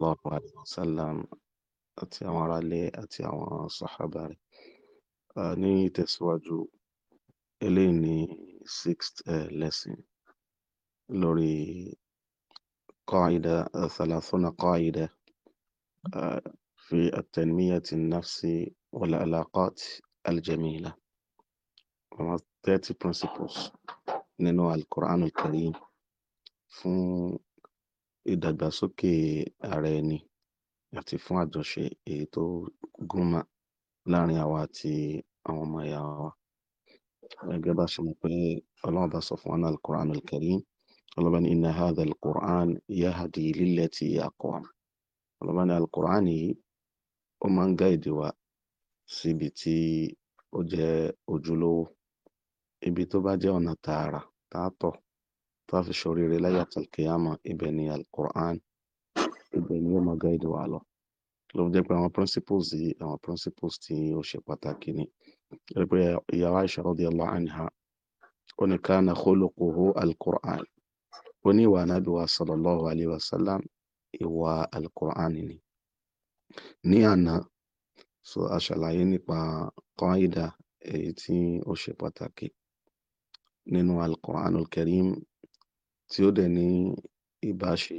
الله عليه وسلم أتي أمر علي أتي أمر صحابة أني تسواجو إليني sixth uh, lesson لوري قاعدة ثلاثون قاعدة uh, في التنمية النفس والعلاقات الجميلة وما 30 principles نينو القرآن الكريم فون ìdàgbàsókè ara ẹni àti fún àjọṣe èyí tó gúnmọ́ láàrin àwa àti àwọn ọmọ ìyá wa gẹ́gẹ́ bá ṣe mọ̀ pé ọlọ́run bá sọ fún wọn alukur'an alkarim ọlọ́ba ní iná hadha alukur'an yahadi lillati aqwam ọlọ́ba ní alukur'an yìí ó máa ń gáìdì wa síbi tí ó jẹ́ ojúlówó ibi tó bá jẹ́ ọ̀nà tààrà tààtọ̀ táà fi ṣoríire láyé àtàlùkìyàmọ̀ ibẹ̀ ni alukur'an ibẹ̀ ni ó máa gáìdì wa lọ ló jẹ́ pé àwọn principles yìí àwọn principles tí ó ṣe pàtàkì ni rẹ̀ pé ìyàwó Aisha radiyallahu anha ó ní kana khuluquhu alukur'an ó ní ìwà anábì wa sallallahu alayhi wa sallam ìwà alukur'an ni ní àná so a ṣàlàyé nípa qaida èyí tí ó ṣe pàtàkì nínú alukur'an olùkẹ́rìm tí ó dẹ̀ ní ìbáṣe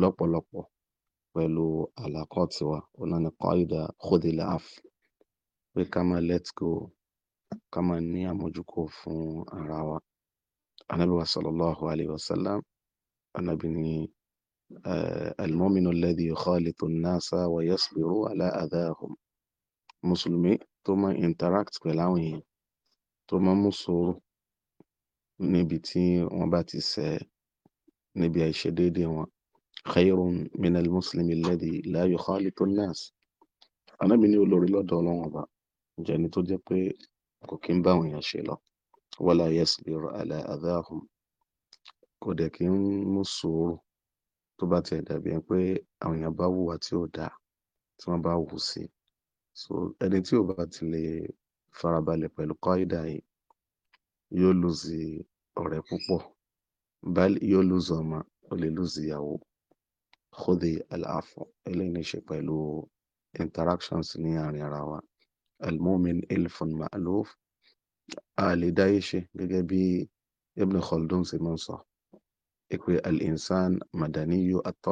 lọ́pọ̀lọpọ̀ pẹ̀lú àlàkọ́ tiwa òun náà ni qaida khudil afu pé ká máa let go ká máa ní àmójúkò fún ara wa anabi wa sallallahu alayhi wa sallam anabi ni المؤمن الذي يخالط الناس ويصبر على أذاهم مسلمي tó máa interact pẹ̀lú àwọn èèyàn tó máa mú sùúrù níbi tí wọ́n bá ti ṣẹ̀ níbi àìṣedéédé wọn khayrun minal muslimi alladhi la yukhalitu an-nas anábì ní olórí lọ́dọ̀ ọlọ́run ọba ǹjẹ́ ni tó jẹ́ pé kò kí ń bá àwọn èèyàn ṣe lọ wala yasbiru ala adahum kò dẹ̀ kí ń mú sùúrù tó bá tiẹ̀ dàbí ẹ pé àwọn èèyàn bá wùwà tí ò dáa tí wọ́n bá wù sí so ẹni tí ò bá ti lè farabalẹ̀ pẹ̀lú kọ́ídà yìí yóò lùzì ọ̀rẹ́ púpọ̀ bal yóò lùzọ ọmọ ó lè lùzọ ìyàwó khudi al-afu eléyìí ní ṣe pẹ̀lú interactions ní àárín ara wa al-mumin ilfun ma'luf a lè dáyé ṣe gẹ́gẹ́ bí ibn khaldun ṣe sọ ìpè al madaniyu at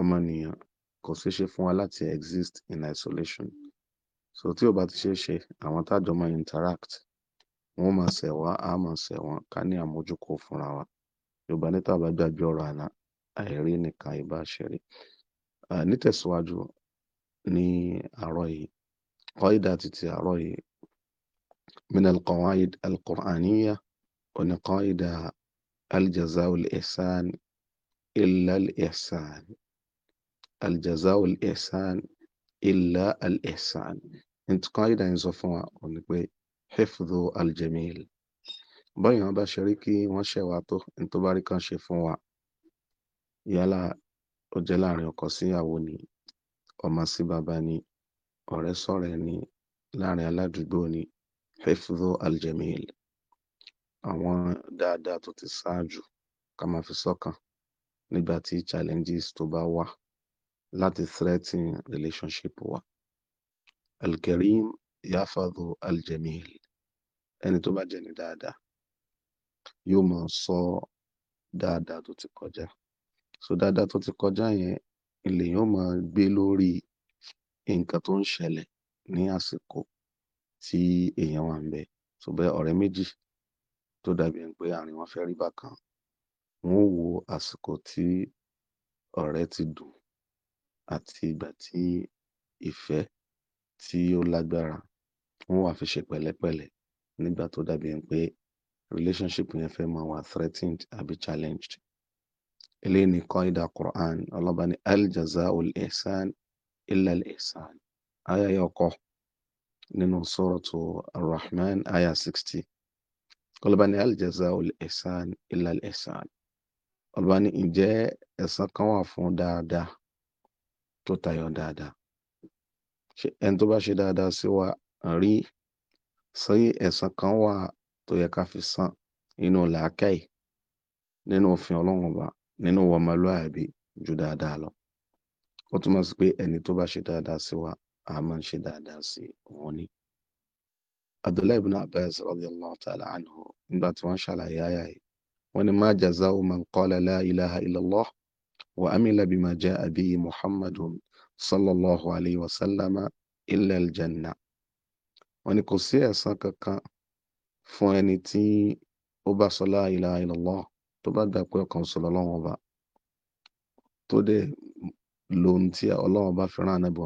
ọmọnìyàn kò ṣeé fún wa láti exist in isolation so tí ò bá ti ṣeé àwọn tájọ máa interact wọn máa ṣẹ̀ wá á máa ṣẹ̀ wọ́n ká ní àmójúkò fúnra wa yorùbá ní tàbá gbàgbé ọ̀rọ̀ àná àìrí nìkan ìbá ṣeré nítẹ̀síwájú ní àárọ̀ yìí qaida títí àárọ̀ yìí min alqawaid alqur'aniya oní qaida aljaza ihsan illa ihsan aljaza ihsan illa al-ihsan qaida yìí sọ fún wa òní pé hefdu aljamil bọ́yàn bá ṣe rí kí wọ́n ṣẹ̀ wá tó ní tó bá rí kan ṣe fún wa yálà ó jẹ́ láàrin ọkọ síyàwó ni ọmọ sí bàbá ni ọ̀rẹ́ sọ̀rẹ́ ni láàrin aládùúgbò ni hefdu aljamil àwọn dáadáa tó ti ṣáájú ká máa fi sọ́kàn nígbà tí challenges tó bá wà láti threaten relationship wa alkarim yafadu aljamil ẹni tó bá jẹ́ ni dáadáa yóò máa sọ dáadáa tó ti kọjá so dáadáa tó ti kọjá yẹn ilẹ̀ yóò máa gbé lórí nǹkan tó ń ṣẹlẹ̀ ní àsìkò tí èèyàn wà ń bẹ tó bẹ ọ̀rẹ́ méjì tó dàbí ẹni pé àárín wọn fẹ́ rí bákan wọn ò wo àsìkò tí ọ̀rẹ́ ti dùn àti ìgbà tí ìfẹ́ tí ó lágbára wọn wà fi ṣe pẹ̀lẹ́pẹ̀lẹ́ nígbà tó dàbí ẹni pé relationship yẹn fẹ́ máa wà threatened àbí challenged eléyìí ni qaida Quran ọlọ́ba ní al-jaza'ul ihsan illa al-ihsan aya yẹ ọkọ nínú suratu ar-Rahman aya sixty. ọlọ́ba ní al-jaza'ul ihsan illa al-ihsan ọlọ́ba ní ǹjẹ́ ẹ̀san kan wà fún dáadáa tó tayọ dáadáa ṣe ẹni tó bá ṣe dáadáa sí wa rí ṣé ẹ̀san kan wà tó yẹ ká fi san nínú làákàyè nínú òfin ọlọ́run ọba nínú ọmọlúàbí ju dáadáa lọ ó túmọ̀ sí pé ẹni tó bá ṣe dáadáa sí wa a máa ń ṣe dáadáa sí wọn ni. Abdullahi ibn Abbas radiyallahu ta'ala anhu nígbà tí wọ́n ṣàlàyé àyà yìí wọ́n ní ma jaza'u man qala la ilaha illallah wa amila bima ja'a bihi Muhammadun sallallahu alayhi wa sallama illa aljanna wọ́n ní kò sí ẹ̀san kankan fún ẹni tí ó bá sọ la ilaha illallah tó bá gbà pé ọ̀kan ṣoṣo lọ́wọ́ ọba tó dẹ̀ lóhun tí ọlọ́wọ́ bá fi rán anábì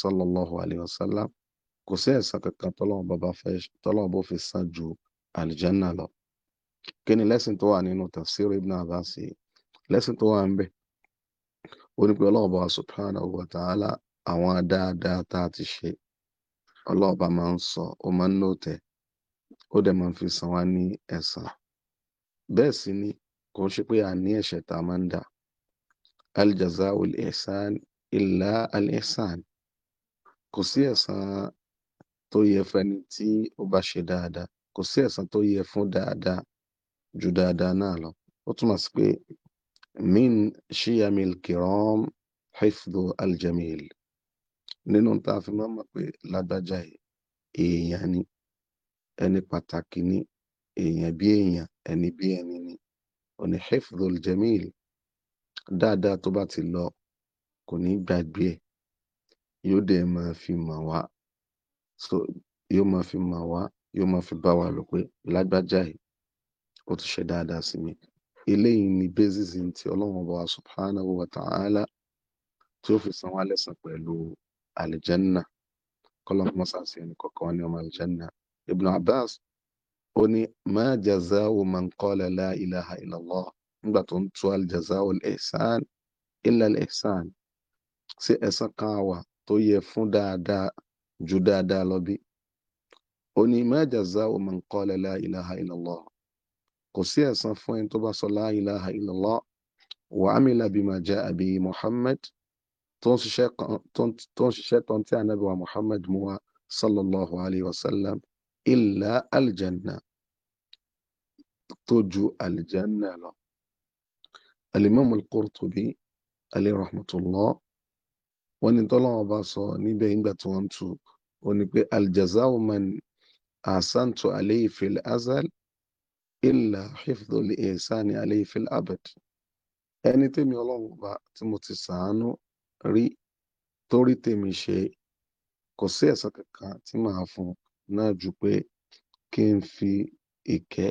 sallallahu alayhi wa sallam kò sí ẹ̀san kankan tọ́lọ́wọ́ bá bá fẹ́ tọ́lọ́wọ́ bó fi san ju aljanna lọ kí ni lẹ́sìn tó wà nínú tafsir ibn Abbas lẹ́sìn tó wà ń bẹ̀ ó ní pé ọlọ́wọ́ bá subhanahu wa ta'ala àwọn dáadáa tá a ti ṣe ọlọ́ọ̀bá máa ń sọ ó máa ń nòtẹ́ ó dẹ̀ máa ń fi san wá ní ẹ̀san bẹ́ẹ̀ sì ni kò ń ṣe pé a ní ẹ̀ṣẹ̀ tá a máa ń dà aljaza'ul ihsan illa al kò sí ẹ̀san tó yẹ fẹ́ni tí ó bá ṣe dáadáa kò sí ẹ̀san tó yẹ fún dáadáa ju dáadáa náà lọ ó túmọ̀ sí pé min shiyamil kiram hifdhu aljamil nínú tá a fi máa mọ̀ pé lágbájá èèyàn ni ẹni pàtàkì ni èèyàn bí èèyàn ẹni bí ẹni ni òní hifdhul jamil dáadáa tó bá ti lọ kò ní gbàgbé ẹ̀ yóò dẹ̀ máa fi mọ̀ wá so yóò máa fi mọ̀ wá yóò máa fi bá wa lò pé lágbájá yìí ó ti ṣe dáadáa sí mi eléyìí ni basis ti ọlọ́run ọba subhanahu wa ta'ala tí ó fi san wá lẹ́san pẹ̀lú àlìjẹ́nà kọ́lọ́n mọ́sá sí ẹni kọ̀ọ̀kan ní ọmọ àlìjẹ́nà Ibn Abbas ó ní ma jaza'u man qala la ilaha illallah nígbà tó ń tú al-jaza'u al-ihsan illa al-ihsan sí ẹ̀san kan wà tó yẹ fún dáadáa ju dáadáa lọ bí ó ní ma jaza'u man qala la ilaha illallah kò sí ẹ̀san fún ẹni tó bá sọ la ilaha illallah wa amila bima ja'a bihi Muhammad tó ń ṣiṣẹ́ kan tó ń ṣiṣẹ́ kan tí anabi wa muhammad muwa sallallahu alayhi wa sallam illa aljanna tó ju aljanna lọ alimami al-Qurtubi alayhi rahmatullah wọ́n ní tọ́lọ́wọ́ bá sọ níbẹ̀ nígbà tí wọ́n ń tu ó ní pé aljazau man ahsantu alayhi fil azal illa hifdhu li alayhi fil abad ẹni tẹ́mi ọlọ́run ọba tí mo ti sàánú rí tó rí tèmi ṣe kò sí ẹ̀san kankan tí màá fún un náà ju pé kí n fi ìkẹ́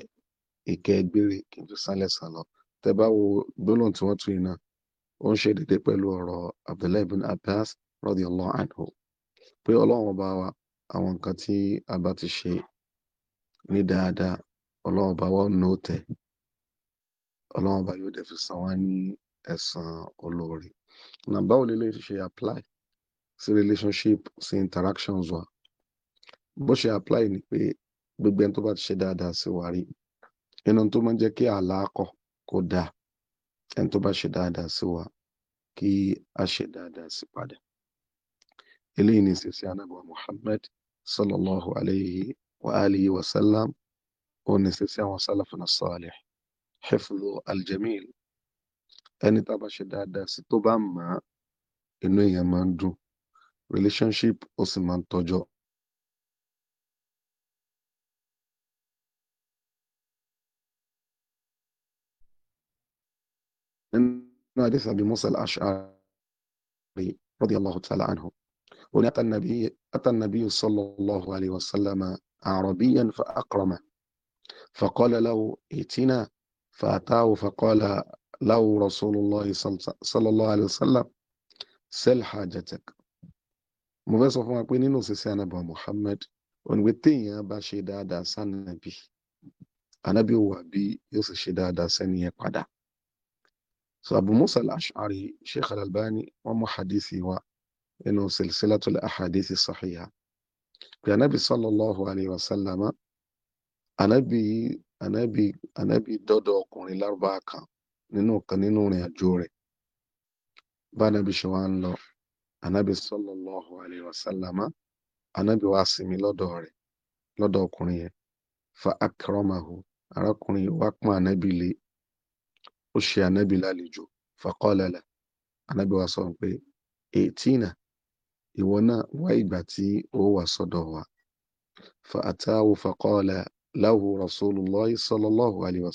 ìkẹ́ gbére kí n fi sálẹ̀ sá lọ tẹ bá wo gbólóhùn tí wọ́n tún yìí náà ó ń ṣe déédéé pẹ̀lú ọ̀rọ̀ Abdullahi bin Abbas radiyallahu anhu pé ọlọ́run ọba wa àwọn nǹkan tí a bá ti ṣe ní dáadáa ọlọ́run ọba wa nà ó tẹ̀ ọlọ́run ọba yóò dẹ̀ fi san wá ní ẹ̀san olóore na báwo lè lè ṣe apply sí relationship sí interactions wa bó ṣe apply ni pé gbogbo ẹni tó bá ti ṣe dáadáa sí wa rí inú tó máa ń jẹ́ kí àlàkọ̀ kó dáa ẹni tó bá ṣe dáadáa sí wa kí a ṣe dáadáa sí padà eléyìí ni ṣe sí anábọ̀ Muhammad sallallahu alayhi wa alihi wa sallam ó ní ṣe sí àwọn sálàfin as-salih hifdhu al ẹni tá a bá ṣe dáadáa sí tó bá mọ̀ á inú èèyàn máa ń dùn relationship ó sì máa ń tọ́jọ́. nínú àdìsí àbí Musa al-Ash'ari radiyallahu ta'ala anhu ó ní ata nabi sallallahu alayhi wa sallam arabiyan fa akrama fa qala lahu itina fa ataahu fa qala له رسول الله صلى الله عليه وسلم سل حاجتك mo fẹ́ sọ fún wa pé nínú òṣìṣẹ́ anábà Muhammad onígbé téèyàn bá ṣe dáadáa sànàbì anábì ò wà bí yóò sì ṣe dáadáa sẹ́ni yẹn padà so Abu Musa al-Ash'ari Sheikh al-Albani wọn mú hadisi wa nínú silsilatul ahadisi sahiha pé anábì sallallahu alayhi wa sallama anábì anábì anábì dọ́dọ̀ ọkùnrin lárúbá kan nínú kan nínú ìrìn àjò rẹ̀ bá nàbí ṣe wá ń lọ ànábì sallallahu alayhi wa sallama ànábì wá sinmi lọ́dọ̀ rẹ̀ lọ́dọ̀ ọkùnrin yẹn fa akramahu arákùnrin yìí wá pọ́n ànábì lé ó ṣe ànábì lálejò faqala la ànábì wá sọ pé ètínà ìwọ náà wá ìgbà tí ó wà sọ́dọ̀ wa fa atahu faqala lahu rasulullahi sallallahu alayhi wa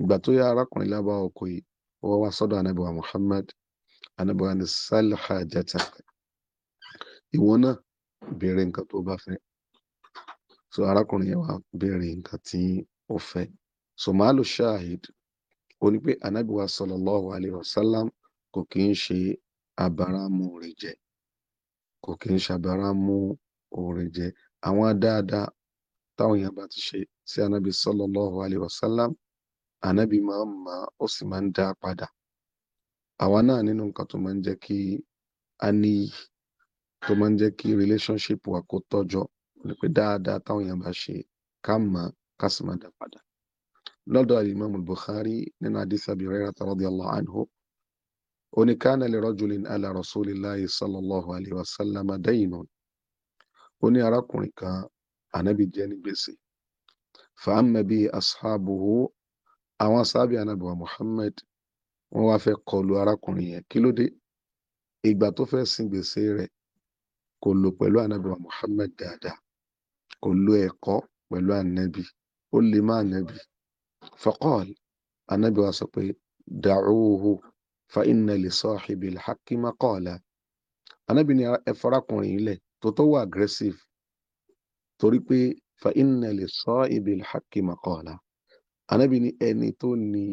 ìgbà tó yá arákùnrin lábá ọkọ yìí wọ́n wá sọ́dọ̀ anábìwá Muhammad anábìwá ní sálíhà jata ìwọ náà béèrè nǹkan tó bá fẹ́ so arákùnrin yẹn wá béèrè nǹkan tí ó fẹ́ so màálù shahid ó ní pé anábìwá sallallahu alaihi wasallam kò kí ń ṣe abáramú rẹ̀ jẹ kò kí ń ṣàbáramú orin jẹ àwọn dáadáa táwọn èèyàn bá ti ṣe sí anábì sallallahu alaihi wasallam Ànábì máa ń mọ̀ ó sì máa ń dá a padà. Àwa náà nínú nǹkan tó máa ń jẹ́ kí a níyì, tó máa ń jẹ́ kí relationship wa kó tọ́jọ́ ni pé dáadáa táwọn èèyàn bá ṣe ká mọ̀ ká sì máa dá a padà. Lọ́dọ̀ Imam Bukhari nínú Hadith Abi Hurairah radiyallahu anhu, ó ní kana li rajulin ala Rasulillahi sallallahu alayhi wa sallam daynun. Ó ní arákùnrin kan, Ànábì jẹ́ ní gbèsè. Fa amma bihi àwọn sábì anábìwá Muhammad wọ́n wá fẹ́ kọlu arákùnrin yẹn kí ló dé ìgbà tó fẹ́ sin gbèsè rẹ̀ kò lò pẹ̀lú anábìwá Muhammad dáadáa kò lo ẹ̀kọ́ pẹ̀lú anábì ó lè má anábì faqal anábì wa sọ pé da'uhu fa inna li sahibil haqqi maqala anábì ni ẹ farakùnrin ilẹ̀ tó tó wà aggressive torí pé fa inna li sahibil haqqi maqala anábì ní ẹni tó ní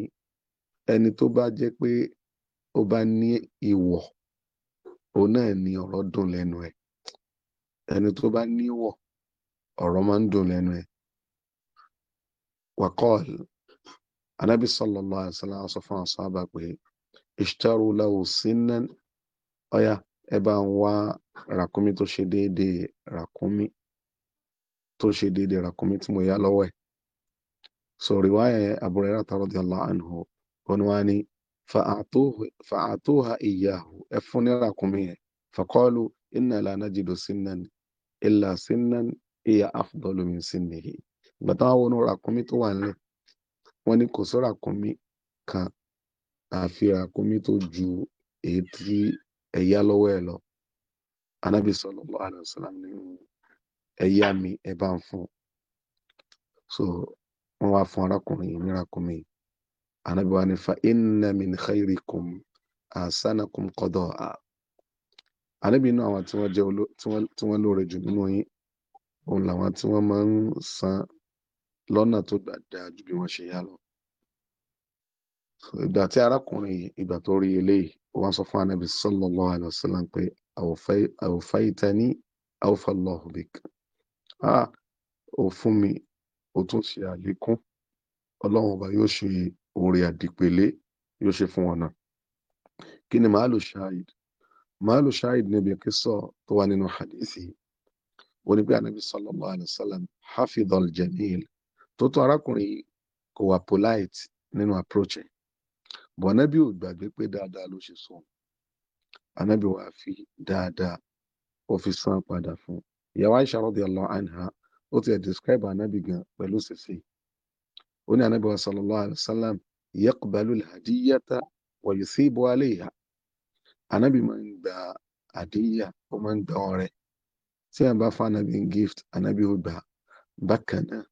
ẹni tó bá jẹ́ pé ó bá ní ìwọ̀ òun náà ni ọ̀rọ̀ dùn lẹ́nu ẹ̀ ẹni tó bá ní ìwọ̀ ọ̀rọ̀ máa ń dùn lẹ́nu ẹ̀ wakọ́l anábì sallallahu alaihi wasallam sọ fún àwọn pé ishtaru lahu sinnan ọ̀yà ẹ bá ń wá ràkúnmí tó ṣe déédéé ràkúnmí tó ṣe déédéé ràkúnmí tí mo yá lọ́wọ́ ẹ̀. So riwaya Abu Hurairah radhiyallahu anhu onwani fa'atuhu fa'atuha iyyahu efunira kumie faqalu inna la najidu sinnan illa sinnan iya afdalu min sinnihi bàtà wọn ní ràkúnmí tó wà nílẹ̀ wọn ní kò sọ ràkúnmí kan àfi ràkúnmí tó ju èyí tí ẹ̀yà lọ́wọ́ ẹ̀ lọ anábì sallallahu alaihi wasallam ní ẹ̀yà mi ẹ̀ bá ń fún so wọ́n wá fún arákùnrin yìí ní ràkúnmí ànábì wa ní fa inna min khairikum ahsanakum qadaa ànábì inú àwọn tí wọ́n jẹ́ tí wọ́n lóore jù nínú yín òun làwọn tí wọ́n máa ń san lọ́nà tó dáa ju bí wọ́n ṣe yá lọ ìgbà tí arákùnrin ìgbà tó rí eléyìí wọ́n sọ fún anabi sallallahu alayhi wa sallam pé àwòfáìtani awfallahu bik ah, ó fún mi ó tún ṣe àlékún ọlọ́run ọba yóò ṣe oore àdìpẹ̀lẹ́ yóò ṣe fún wọn náà kí ni màálù ṣáàid màálù ṣáàid níbi kíso tó wà nínú hadithi wọn ni pé anabi sallallahu alayhi wa sallam hafidhal jamil tó tún arákùnrin kò wà polite nínú approach ẹ bọ̀nẹ́bí ò gbàgbé pé dáadáa ló ṣe sọ anabi wàá fi dáadáa ó fi san padà fún ìyàwó Aisha radiyallahu anha ó ti describe anabi gan pẹ̀lú sèse ó ní anabi wa sallallahu alayhi wa sallam yaqbalu al-hadiyata wa yuthibu alayha anabi máa ń gba àdíyà ó máa ń gba ọrẹ tí a bá fa anabi ń gift anabi ó gbà bákan náà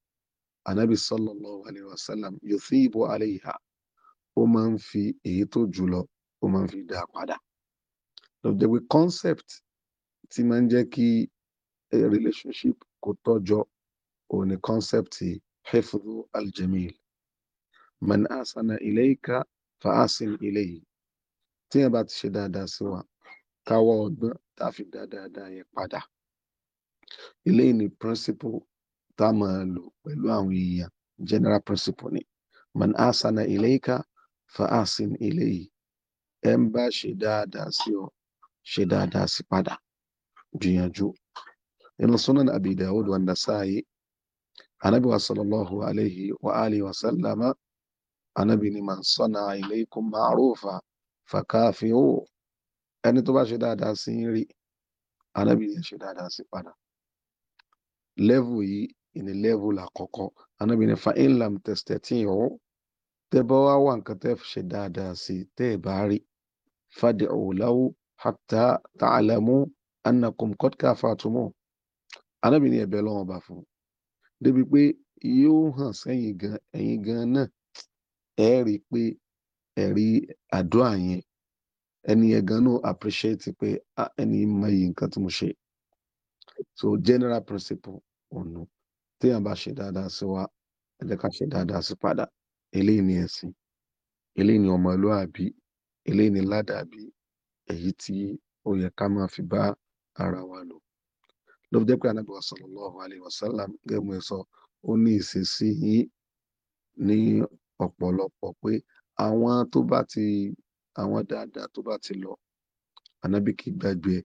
anabi sallallahu alayhi wa sallam yuthibu alayha ó máa ń fi èyí tó jùlọ ó máa ń fi dá padà lọ́jọ́ pé concept ti máa ń jẹ́ kí eh, relationship kò tọ́jọ òun ni kọ́nsẹ́pìtì hifdhu aljamil man asana ilayka fa asin ilayhi tí yẹn bá ti ṣe dáadáa sí wa káwọ́ ọgbọ́n tá a fi dá dáadáa yẹn padà eléyìí ni principle tá a máa lò pẹ̀lú àwọn èèyàn general principle ni man asana ilayka fa asin ilayhi ẹ ń bá ṣe dáadáa sí ọ ṣe dáadáa sí padà gbìyànjú إن سنن أبي داود والنسائي عن أبي صلى الله عليه وآله وسلم عن أبي من صنع إليكم معروفا فكافئوا ẹni tó bá ṣe dáadáa sí ń rí anábì ní ṣe dáadáa sí padà lẹ́vù yìí ìní lẹ́vù làkọ́kọ́ anábì ní fa inlam tẹ̀sítẹ̀ tí ì hó tẹ́ bá wá wà nǹkan tẹ́ fi ṣe dáadáa sí tẹ́ ẹ̀ bá rí fàdé òwúláwù hàtà annakum kọ́díkà fàtúmọ̀ arábìnrin ẹ̀bẹ̀ lọ́wọ́ bá fún un débi pé yóò hàn sẹ́yìn gan ẹ̀yìn gan náà ẹ rí i pé ẹ̀rí àdúrà yẹn ẹni yẹn gan náà appreciate pé ah, ẹni mọyì nǹkan tí mo ṣe so general principle ọ̀nà téèyàn bá ṣe dáadáa sí wa ẹ jẹ́ ká ṣe dáadáa sí padà eléyìí ni ẹ̀sìn eléyìí ni ọmọlúàbí eléyìí ni ládàbí èyí tí ó yẹ ká máa fi bá ara wa lò ló fi jẹ́ pé anábì sallallahu alaihi wasallam gẹ́gùn sọ ó ní ìṣesí yìí ní ọ̀pọ̀lọpọ̀ pé àwọn tó bá ti àwọn dáadáa tó bá ti lọ anábì kì í gbàgbé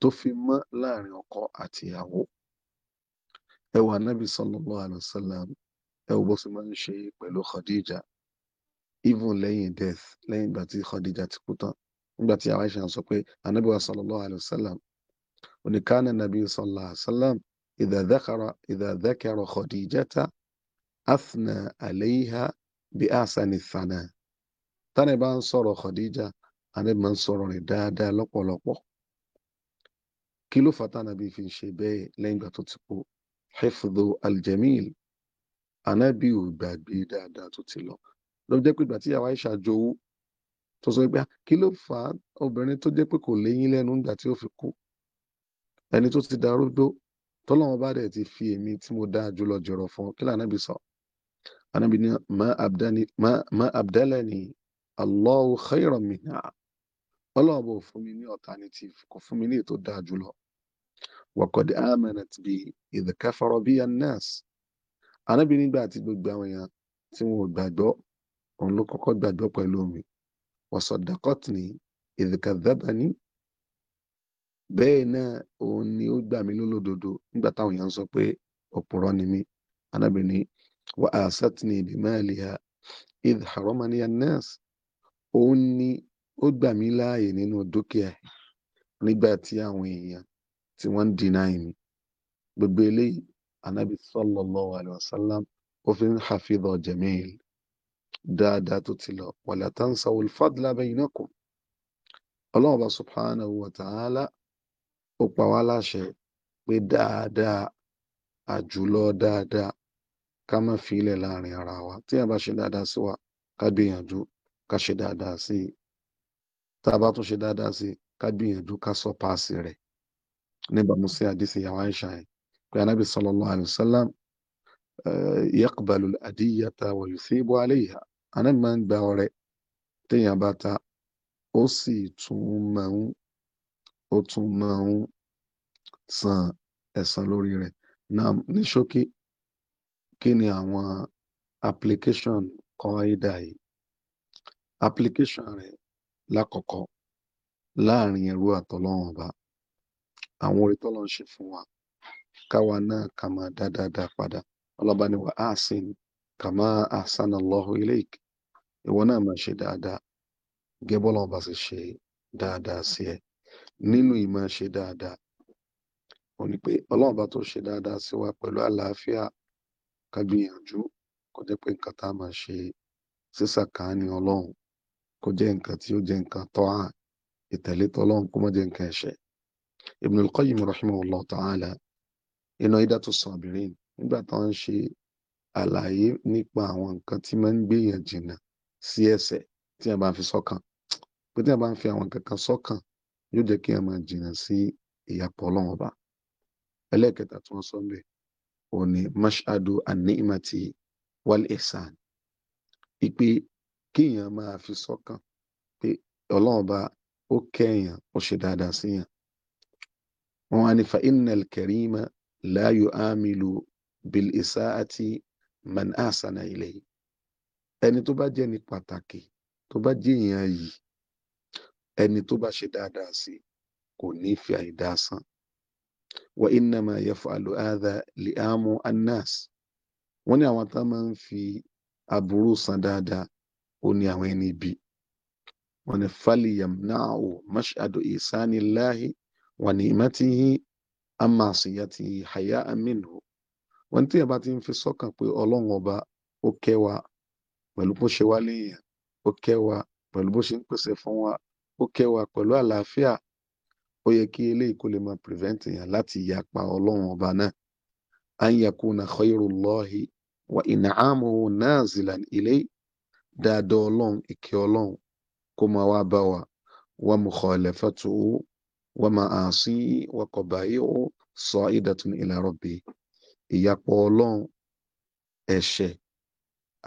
tó fi mọ́ láàrin ọkọ àti ìyàwó ẹ wà anábì sallallahu alaihi wasallam ẹ wò bó ṣe máa ń ṣe pẹ̀lú Khadija even lẹ́yìn death lẹ́yìn ìgbà tí Khadija ti kú tán nígbà tí Aisha sọ pé anábì wa sallallahu alaihi wasallam oníkanà nàbí sallallahu alaihi wasallam idha dhakara khadijata athna alayha bí ahsani thana tani bá ń sọ̀rọ̀ khadija àní máa ń sọ̀rọ̀ rẹ̀ dáadáa lọ́pọ̀lọpọ̀ kí ló fàtà nàbí fi ṣe bẹ́ẹ̀ lẹ́yìn ìgbà tó ti kú hifdhu aljamil ànábì ò gbàgbé dáadáa tó ti lọ ló jẹ́ pé ìgbà tí yàwá Aisha jowú tó sọ pé ah, kí ló fà á obìnrin tó jẹ́ pé kò léyìn lẹ́nu ìgbà tí ó fi kú ẹni tó ti darúgbó tọ́lọ́wọ́n bá dẹ̀ ti fi èmi tí mo dáa jùlọ jọ̀rọ̀ fún kí lànàbí sọ anábì ní ma abdalani allahu khayran minha ọlọ́wọ́n bò fún mi ní alternative kò fún mi ní ètò dáa jùlọ wakọ̀dé amanat bi ìdíkàfọ̀rọ̀ bí anas anábì nígbà tí gbogbo àwọn èèyàn tí wọn ò gbàgbọ́ òun ló kọ́kọ́ gbàgbọ́ pẹ̀lú mi wọ́sọ̀dàkọ́tì ní ìdíkàdábà ní bẹ́ẹ̀ náà òun ni ó gbà mí lólódodo nígbà táwọn èèyàn sọ pé ni wa asatni bimaliha idh haramani annas òun ni ó gbà mí láàyè nínú dúkìá nígbà tí àwọn èèyàn tí wọ́n ń dínà mi gbogbo eléyìí anábì sallallahu ó fi ń jamil dáadáa tó ti lọ wala tansaw al subhanahu ó pa wá láṣẹ pé dáadáa àjùlọ dáadáa ká má fi ilẹ̀ láàrin ara wa tí a bá ṣe dáadáa sí wa ká gbìyànjú ká ṣe dáadáa sí i tá a bá tún ṣe dáadáa sí i ká gbìyànjú ká sọ paasi rẹ̀ níbàámu sí àdìsí ìyàwó Aisha yẹn pé anábì sallallahu alayhi wa sallam eh, yaqbalu al-adiyata wa yuthibu alayha anábì máa ń gba ọrẹ téèyàn bá ta ó sì tún máa ń ó tún máa ń san ẹ̀san lórí rẹ̀. Now ní ṣókí kí ni àwọn application kọ́ídà yìí? Application rẹ̀ lákọ̀ọ́kọ́ láàrin ẹrú àtọlọ́run ọba àwọn orí tọ́lọ́run ṣe fún wa káwa náà ká máa dá dáadáa padà ọlọ́ba ni wà á sin kàmá àsánà lọ́hùn iléik ìwọ náà máa ṣe dáadáa gẹ́gẹ́ bọ́lọ́run bá ṣe dáadáa sí ẹ nínú ìmáa ṣe dáadáa ó ní pé ọlọ́run bá tó ṣe dáadáa sí wa pẹ̀lú àlàáfíà ká gbìyànjú kó jẹ́ pé nǹkan tá a máa ṣe sísàkáání ọlọ́run kó jẹ́ nǹkan tí ó jẹ́ nǹkan tọ́ à ìtẹ̀lé tọ́lọ́run kó má jẹ́ nǹkan ẹ̀ṣẹ̀. Ibn al-Qayyim rahimahullah ta'ala iná idatu sabirin nígbà táwọn ń ṣe àlàyé nípa àwọn nǹkan tí máa ń gbéyàn jìnnà sí ẹ̀ṣẹ̀ tí a bá fi sọ́kàn pé tí a bá ń fi àwọn nǹkan kan sọ́kàn yóò jẹ́ kí a máa jìnnà sí ìyàpọ̀ ọlọ́run ọba ẹlẹ́ẹ̀kẹta tí wọ́n sọ ń bẹ̀ òun ni mashadu anihimati wal ihsan ipe kéèyàn máa fi sọ́kàn pé ọlọ́run bá ó kẹ́yàn ó ṣe dáadáa síyàn wọn á ní fa innal karima la yu'amilu bil isaati man ahsana ẹni tó bá jẹ́ ni pàtàkì tó bá jẹ́ yìí ẹni tó bá ṣe dáadáa sí kò ní fi àìdá san وإنما يفعل هذا لئام الناس wọ́n ní àwọn tá máa ń fi aburú san dáadáa ó ní àwọn ẹni bí wọ́n ní falyamna'u mash'adu ihsanillahi wa ni'matihi amma asiyatihi haya'an minhu wọ́n ní tíyẹ̀ bá ti ń fi sọ́kàn pé ọlọ́run ọba ó kẹ́ pẹ̀lú bó ṣe wá léèyàn ó kẹ́ pẹ̀lú bó ṣe ń pèsè fún wa ó kẹ́ pẹ̀lú àlàáfíà ó yẹ kí eléyìí kó lè máa prevent èèyàn láti yapa ọlọ́run ọba náà an yakuna khayrullahi wa in'amuhu nazilan ilay dáadọ́ ọlọ́run ìkẹ́ ọlọ́run kó máa wá bá wa wa mukhalafatuhu wa ma'asihi wa qaba'ihu sa'idatun ila rabbi ìyapọ̀ ọlọ́run ẹ̀ṣẹ̀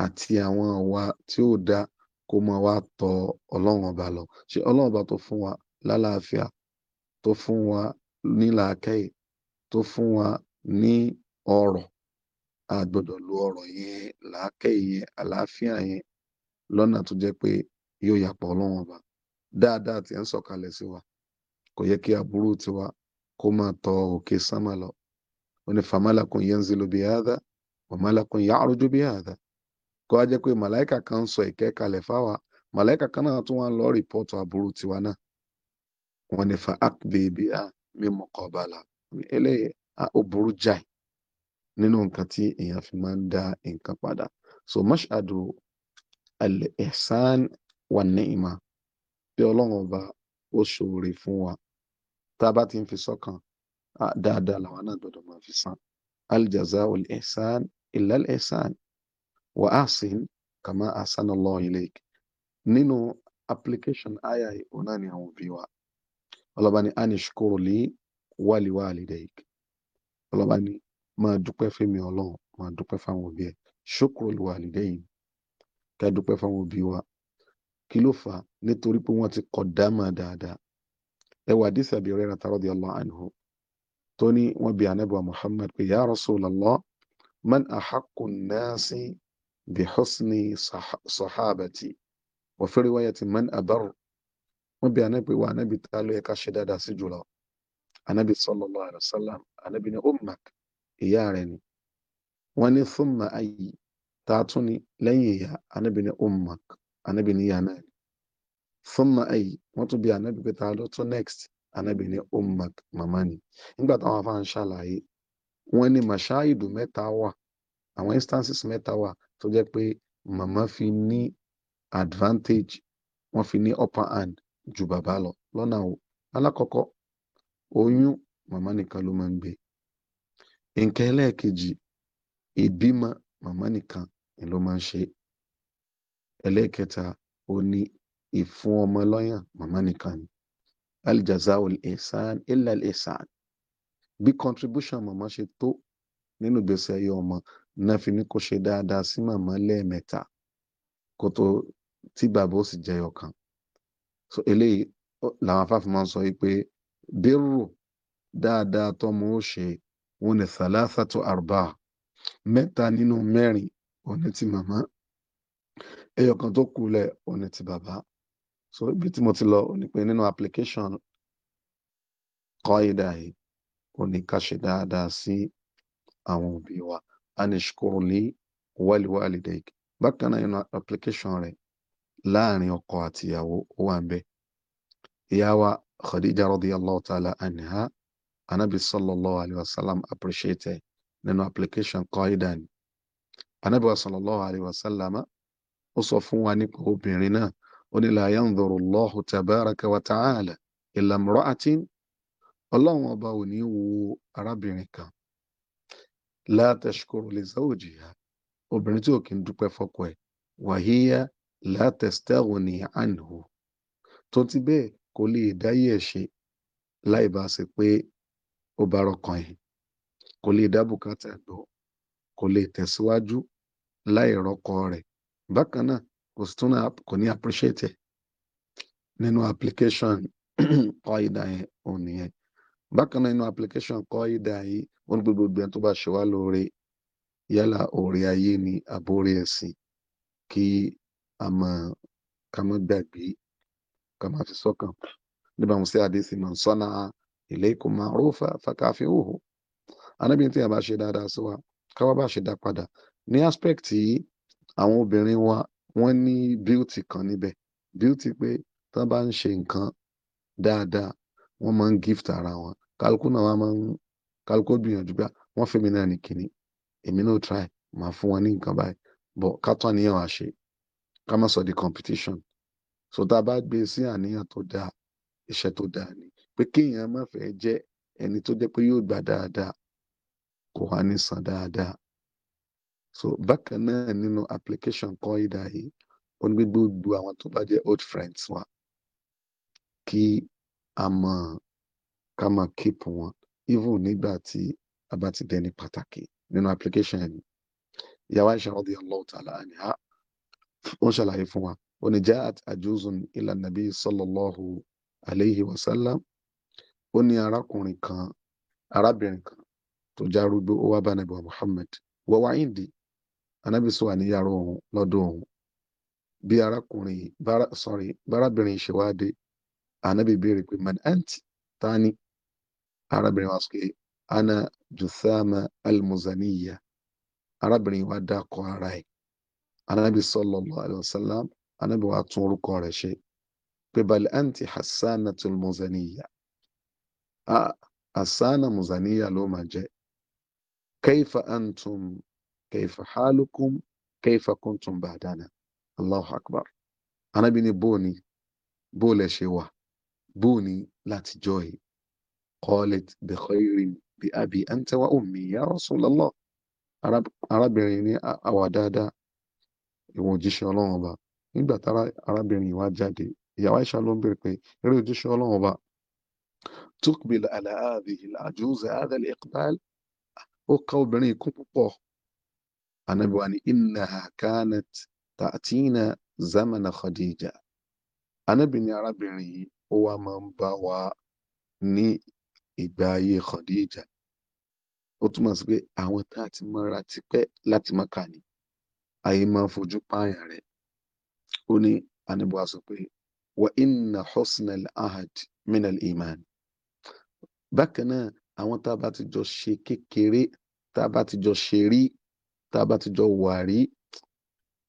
àti àwọn àwa tí ó dá kó máa wá tọ̀ ọlọ́run ọba ṣe ọlọ́run ọba tó fún wa lálàáfíà tó fún wa ní làákàyè tó fún wa ní ọrọ̀ a lo ọrọ̀ yẹn làákàyè yẹn àlàáfíà yẹn lọ́nà tó jẹ́ pé yóò yàpọ̀ ọlọ́run ọba dáadáa tí ń sọ̀kalẹ̀ sí wa kò yẹ kí aburú tiwa kó máa tọ òkè sánmà lọ ó ní famalakun bi kó a jẹ́ pé màláìkà kan sọ ìkẹ́ fáwa màláìkà kan náà tún wá ń lọ rìpọ́tù tiwa náà wọn ní fa akpé bí a mi mọ kọba la eléyìí a ó burú jáì nínú nǹkan tí èèyàn fi máa ń dá nǹkan padà so mashadu al-ihsan wa ni'ima bí ọlọ́run ọba ó ṣoore fún wa tá a bá ti ń fi sọ́kàn dáadáa làwọn náà gbọ́dọ̀ máa fi san al-jaza'u al-ihsan illa al-ihsan wa ahsin kama ahsana Allah ilayk nínú application aya yìí ni àwọn òbí wa ọlọ́ba ní anishkuru li wali walidaik ọlọ́ba ní máa dúpẹ́ fẹ́mi ọlọ́run máa dúpẹ́ fáwọn òbí ẹ̀ ṣukuru li walidaik ká dúpẹ́ fáwọn òbí wa kí ló fà á nítorí pé wọ́n ti kọ̀ dáàmà dáadáa ẹ wà dí sàbí rẹ̀ radiyallahu anhu tó ní wọ́n bi anábìwá Muhammad pé ya Rasulallah man ahaqqu an bi husni sahabati wa fi riwayati man abarr wọ́n bi anabi wa anabi ta ló yẹ ká ṣe dáadáa sí jùlọ anabi sallallahu alaihi wasallam anabi ni ummak ìyá rẹ ni wọ́n ní thumma ayi ta tún ni lẹ́yìn ìyá anabi ni ummak anabi ni ìyá náà ni thumma ayi wọ́n tún bi anabi pé ta ló tún next anabi ni ummak màmá ni nígbà táwọn afáàn ṣàlàyé wọ́n ní màṣáìdù mẹ́ta wà àwọn instances mẹ́ta wà tó jẹ́ pé màmá fi ní advantage wọ́n fi ní upper hand ju bàbá lọ lọ́nà o alákọ̀ọ́kọ́ oyún màmá nìkan ló máa ń gbé nǹkan ẹlẹ́ẹ̀kejì ìbímọ màmá nìkan ló máa ń ṣe ẹlẹ́ẹ̀kẹta ó ní ìfún ọmọ lọ́yàn màmá nìkan ni aljazawul ihsan illa al ihsan bí contribution màmá ṣe tó nínú ìgbésí ayé ọmọ náà fi ní kó ṣe dáadáa sí màmá lẹ́ẹ̀mẹ́ta kó tó tí bàbá ó sì jẹyọ kan so eléyìí làwọn afáfin máa ń sọ wípé bírù dáadáa tọmọ ó ṣe wọn ni sàlásàtò àrùbá mẹ́ta nínú mẹ́rin òní ti màmá ẹyọ tó kù lẹ òní ti bàbá so ibi tí mo ti lọ òní pé nínú application kọ́ ìdá yìí òní ká ṣe dáadáa sí àwọn òbí wa anishkurli wali walidayk bákan náà nínú application rẹ̀ láàrin ọkọ àti ìyàwó ó wà ń bẹ ìyá wa khadija radiyallahu ta'ala anha anabi sallallahu alayhi wa sallam nínú application qaida ni anabi wa sallallahu alayhi wa sallam ó sọ fún wa nípa obìnrin náà ó ní la yanzuru allahu tabaraka wa ta'ala illa imra'atin ọlọ́run ọba ò ní wo arábìnrin kan la tashkuru li zawjiha obìnrin tí ò kí ń dúpẹ́ fọ́kọ ẹ̀ wàhíyá látẹ̀stẹ́wọ̀nì ànìhù tó ti bẹ́ẹ̀ kò lè dáyé ẹ̀ ṣe láì bá ṣe pé ó bá rọkàn ẹ̀ kò lè dá bùkátà gbọ́ kò lè tẹ̀síwájú láì rọkọ rẹ̀ bákan náà kò sì tún kò ní appreciate nínú application kọ́ ìdá yẹn òun nìyẹn bákan náà nínú application kọ́ ìdá yìí ó ní gbogbo ìgbẹ́ tó bá ṣe wá lóore yálà òòrè ayé ni àbórí ẹ̀sìn kí àmọ́ ká má gbàgbé ká má fi sọ́kàn nígbà wọn sí àdéhìsì man sana ilaykum ma'rufa fakafi'uhu anábì tí a bá ṣe dáadáa sí wa káwá bá ṣe dá padà ní aspect àwọn obìnrin wa wọ́n ní beauty kan níbẹ̀ beauty pé tán bá ń ṣe nǹkan dáadáa wọ́n máa ń gift ara wọn kálukú náà wọ́n máa ń kálukú gbìyànjú gbá wọ́n fún náà ní kínní èmi náà try màá fún wọn ní nǹkan báyìí bọ̀ ká tán wá ṣe ká má sọ di competition so tá a bá gbé sí àníyàn tó dáa iṣẹ́ tó dáa ni pé kéèyàn má fẹ́ jẹ́ ẹni tó jẹ́ pé yóò gbà dáadáa kò wá ní san dáadáa so bákan náà nínú application kọ́ ìdá yìí ó ní gbogbo àwọn tó bá jẹ́ old friends wa kí a mọ̀ ká máa keep wọn even nígbà tí a bá ti dẹni pàtàkì nínú application yìí ìyá wa Aisha radiyallahu ta'ala anha wọ́n ṣàlàyé fún wa ó ní jaat ajuzun ila nabi sallallahu alayhi wa sallam ó ní arákùnrin kan arábìnrin kan tó járúgbó ó wá bá nàbí wa muhammad wọ́n wá ìdí anábì sọ àníyàrá òun lọ́dọ̀ òun bí arákùnrin sorry bárábìnrin ṣe wá dé anábì béèrè pé man anti tani arábìnrin wa sọ pé ana juthama almuzaniya arábìnrin wa dákọ ara ẹ̀ anabi sallallahu alayhi wa sallam anabi wa tún orúkọ rẹ̀ ṣe pé bali anti hassanatul muzaniya a hassana muzaniya ló máa jẹ́ kaifa antum kaifa halukum kaifa kuntum badana allahu akbar anabi ni bóni bó lẹ ṣe wà bóni láti jọ yìí qalat bi khairin bi abi anta wa ummi ya rasulallah arábìnrin ní àwa dáadáa ìwọ òjíṣẹ́ ọlọ́run ọba nígbà tára arábìnrin yìí wá jáde ìyàwó Aisha ló ń bèrè pé eré òjíṣẹ́ ọlọ́run ọba tukbil ala hadhihi al-ajuz hadha al-iqbal ó ká obìnrin ikú púpọ̀ anabi wa ni innaha kanat ta'tina zamana khadija anabi ni arábìnrin yìí ó wá máa ń bá wa ní ìgbà ayé khadija ó túmọ̀ sí pé àwọn tá a ti mọ́ra tipẹ́ láti Mákà ni ayé máa ń fojú pààyàn rẹ̀ ó ní anibuwa sọ pé wa inna husnal ahad minal iman bákan náà àwọn tá a bá ti jọ ṣe kékeré tá a bá ti jọ ṣe rí tá a bá ti jọ wà rí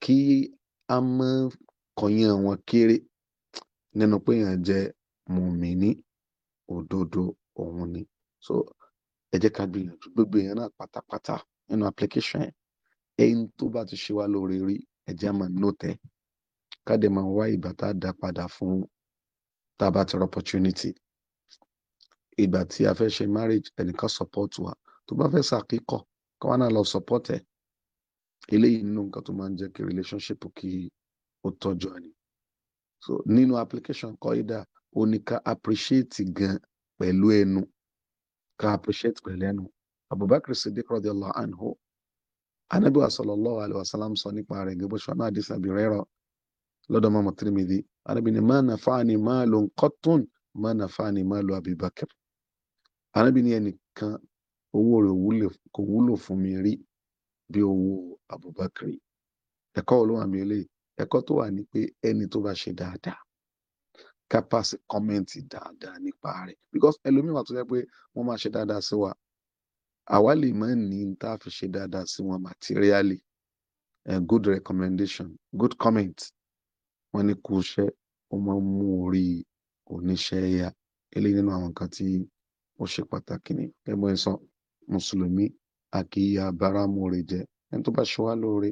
kí a mọ kọyán wọn kéré nínú pé èèyàn jẹ mùmíní òdodo òun ni so ẹ jẹ́ ká gbìyànjú gbogbo èèyàn náà pátápátá nínú application yẹn ẹni tó bá ti ṣe wá lóore rí ẹjẹ́ máa nóòtẹ́ káde máa wá ìgbà tá a dá padà fún tá a bá ti rọ opportunity ìgbà tí a fẹ́ ṣe marriage ẹnìkan support wa tó bá fẹ́ ṣàkíkọ̀ káwọn náà lọ support ẹ̀ eléyìí nínú nǹkan tó máa ń jẹ́ kí relationship kí ó tọ́jú ẹni so nínú application kọ́ídà ó ní ká appreciate gan pẹ̀lú ẹnu ká appreciate pẹ̀lú ẹnu Abubakar Siddiq radiyallahu anhu anábíwá sallallahu alaihi wasallam sọ nípa rẹ̀ gẹ́gẹ́ bó ṣe wọn àdìsí àbí rẹ́rọ lọ́dọ̀ mọ́mọ́ Tirmidhi anábí ni máa nàfà ni máa lo nkọ́tún máa nàfà ni máa lo Abi Bakr anábí ni ẹnìkan owó rẹ̀ kò wúlò fún mi rí bí owó Abubakar ẹ̀kọ́ olóhùn àmì eléyìí ẹ̀kọ́ tó wà ní pé ẹni tó bá ṣe dáadáa kápásì kọ́mẹ́ǹtì dáadáa nípa rẹ̀ because ẹlòmíràn tó yẹ pé wọ́n máa ṣe dáadáa sí wa àwa lè má ní tá a fi ṣe dáadáa sí wọn materially uh, good recommendation good comment wọn ní kú iṣẹ́ ó máa ń mú orí oníṣẹ́ ẹ̀yà eléyìí nínú àwọn nǹkan tí ó ṣe pàtàkì ni ẹgbẹ́ sọ mùsùlùmí àkìyà báramúre jẹ ẹni tó bá ṣe wá lóore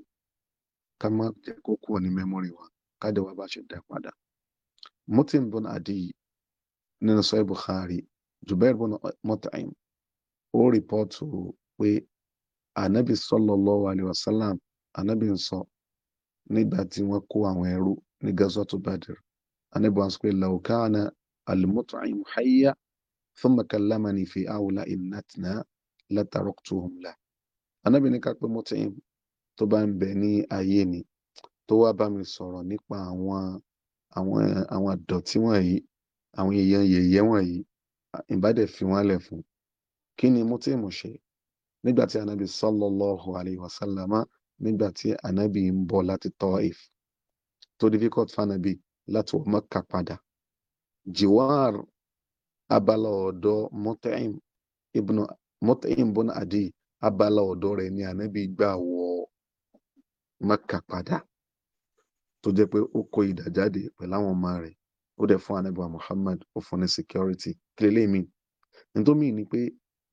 ká má jẹ kó kúrò ní mẹ́mórì wa káde wa bá ṣe dá padà Mutim bun Adi nínú sọ Bukhari Jubair bun Mut'im ó rìpọ́tù pé ànábì sallallahu alaihi anab'i ànábì ń sọ nígbà tí wọ́n kó àwọn ẹrú ní gazwatu Badr ànábì wọn sọ pé law kana al-mut'im hayya thumma fi ha'ula'i natna lataraktuhum lahu ànábì ní tó bá ń ní ayé ni tó wá bá mi sọ̀rọ̀ nípa àwọn àwọn àwọn àdọ̀tí wọ̀nyí àwọn èèyàn yẹ̀yẹ́ wọ̀nyí ìbádẹ́ fi wọ́n lẹ̀ kí ni Mutaimu ṣe nígbà tí anabi sallallahu alayhi wa sallama nígbà tí anabi ń bọ̀ láti Taif tó difficult fanabi láti wọ Mẹ́kà padà jiwar abala ọ̀dọ̀ Mutaim ibnu Mutaim bun Adi abala ọ̀dọ̀ rẹ̀ ni anabi gbà wọ Mẹ́kà padà tó jẹ́ pé ó kó idà jáde pẹ̀lú àwọn ọmọ rẹ̀ ó dẹ̀ fún anabi wa Muhammad ó fún ní security kílélẹ́mìn nítorí mi ni pé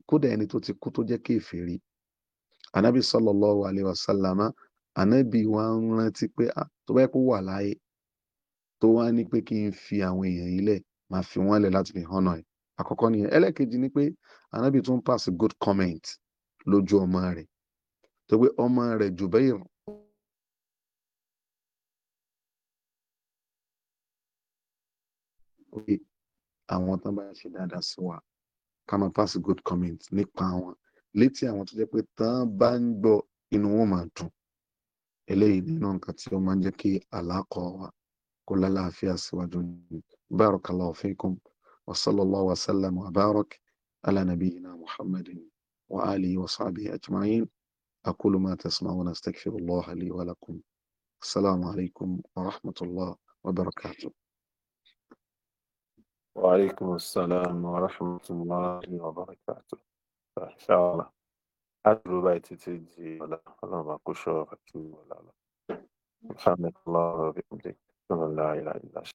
kódà ẹni tó ti kú tó jẹ́ kèfèrí anabi sallallahu alayhi wa sallama anabi wa ń rántí pé ah, tó bá yẹ kó wà láyé tó wá ní pé kí n fi àwọn èèyàn yìí lẹ̀ máa fi wọ́n lẹ̀ láti fi hànà ẹ̀ àkọ́kọ́ nìyẹn ẹlẹ́ẹ̀kejì ni pé anabi tún pass good comment lójú ọmọ rẹ̀ tó pé ọmọ rẹ̀ Jubair àwọn tó bá ṣe dáadáa sí wa kama máa pass good comment nípa wọn létí àwọn tó jẹ́ pé tán bá ń gbọ́ inú wọn máa dùn eléyìí nínú nǹkan tí ó máa ń jẹ́ kí àlákọ wa kó lálàáfíà síwájú ní barakallahu fikum wa sallallahu wa sallam wa barak ala nabiyyina muhammadin wa alihi wa sahbihi ajma'in aqulu ma tasma'una astaghfirullah li wa lakum assalamu alaikum wa rahmatullah wa barakatuh وعليكم السلام ورحمة الله وبركاته إن شاء الله أدعو بيت تيجي ولا ولا ما كشوفك ولا لا سبحانك الله وبحمدك لا إله إلا أنت